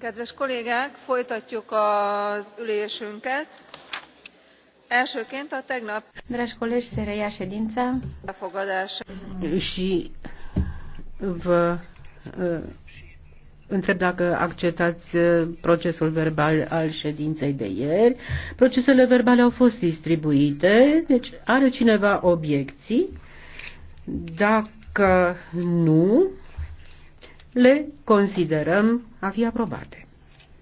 kedves kollégák folytatjuk az ülésünket. elsőként a tegnap dragi colegi se reia ședința și vă uh, întreb dacă acceptați uh, procesul verbal al ședinței de ieri. Procesele verbale au fost distribuite, deci are cineva obiecții? Dacă nu, le considerăm a fi aprobate.